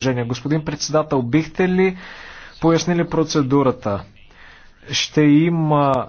предложение. Господин председател, бихте ли пояснили процедурата? Ще има